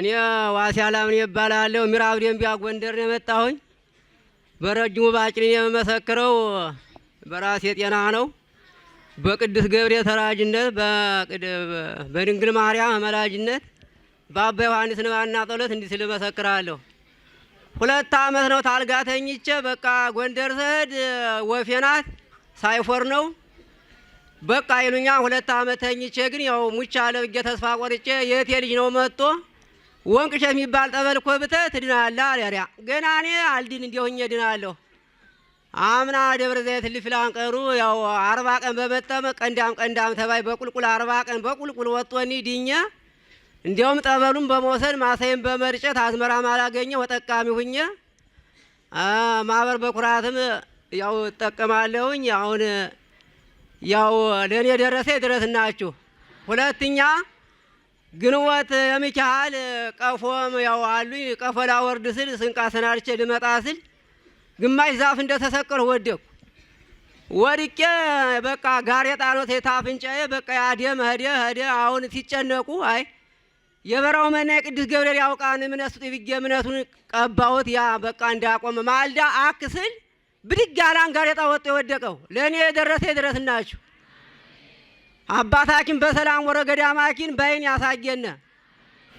እኔ ዋሴ አላምኔ እባላለሁ። ምዕራብ ደንቢያ ጎንደር ነው የመጣሁኝ። በረጅሙ ባጭኔን የምመሰክረው በራሴ ጤና ነው። በቅዱስ ገብርኤል ተራጅነት፣ በድንግል ማርያም መላጅነት በአባ ዮሐንስ ንባና ጸሎት እንዲህ ስል እመሰክራለሁ። ሁለት አመት ነው ታልጋ ተኝቼ በቃ ጎንደር ስሄድ ወፌ ናት ሳይፎር ነው በቃ ይሉኛ። ሁለት አመት ተኝቼ ግን ያው ሙቻ ለብጌ ተስፋ ቆርጬ የቴ ልጅ ነው መጥቶ ወንቅሸ የሚባል ጠበል ኮብተ ትድናለ ትድናለህ ገና እኔ አልድን እንዲሆኜ ድናለሁ። አምና ደብረ ዘይት ልፊላን ቀሩ ያው አርባ ቀን በመጠመ ቀንዳም ቀንዳም ተባይ በቁልቁል አርባ ቀን በቁልቁል ወጦኒ ድኘ። እንዲያውም ጠበሉን በመውሰድ ማሳይን በመርጨት አዝመራ ማላገኘ ወጠቃሚ ሁኘ ማህበር በኩራትም ያው እጠቀማለሁኝ። አሁን ያው ለእኔ ደረሰ ይድረስናችሁ ሁለተኛ ግንቦት የሚቻል ቀፎም ያው አሉኝ ቀፎ ላወርድ ስል ስንቅ አርቼ ልመጣ ስል ግማሽ ዛፍ እንደተሰቀልሁ ወደቅኩ። ወድቄ በቃ ጋር የጣሎት የታፍንጫዬ በቃ ያደም ሄደ ሄደ። አሁን ሲጨነቁ አይ የበራው መና የቅዱስ ገብርኤል ያውቃን እምነቱ ጥብጌ እምነቱን ቀባሁት። ያ በቃ እንዳቆመ ማልዳ አክስል ብድግ አላን ጋር የጣወጡ የወደቀው ለእኔ የደረሰ የደረስናችሁ አባታችን በሰላም ወረገዳማኪን በይን ያሳየነ